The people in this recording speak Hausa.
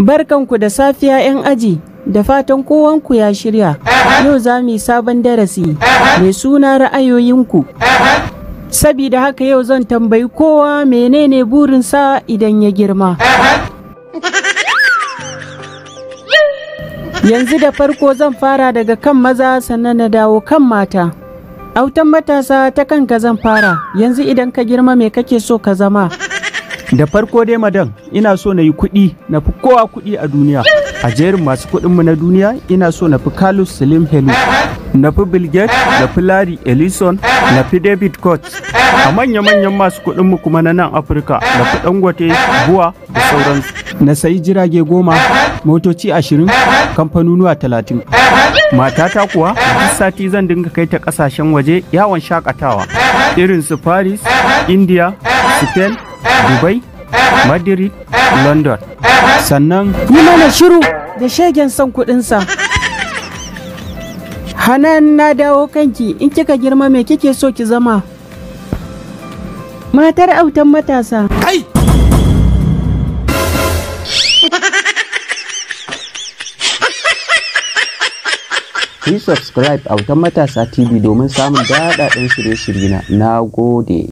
Barkanku da safiya 'yan aji, da fatan kowanku ya shirya. Yau za mu yi sabon darasi mai suna ra'ayoyinku. Sabida haka yau zan tambayi kowa menene burinsa idan ya girma. Yanzu da farko zan fara daga kan maza sannan na dawo kan mata. Autan matasa ta kanka zan fara, yanzu idan ka girma me kake so ka zama. Da farko dai madan ina so na yi kuɗi na fi kowa kuɗi a duniya. A jerin masu kuɗinmu na duniya ina so na fi Carlos Slim Helu, na fi Bill Gates, na fi Larry Ellison, na fi David Koch. A manya-manyan masu kuɗinmu kuma na nan Afirka na fi Dangote, Buwa da sauransu. Na sayi jirage goma, motoci ashirin, kamfanunuwa talatin. Matata kuwa duk sati zan dinga kai ta ƙasashen waje yawon shakatawa irin su Paris, India, Spain, dubai madrid london sannan yi mana shiru eh. da shegen son kudinsa hanan na dawo kanki in kika girma me kike so ki zama matar autan matasa kai Please subscribe autan matasa TV domin samun daɗaɗin shirye-shirye na gode.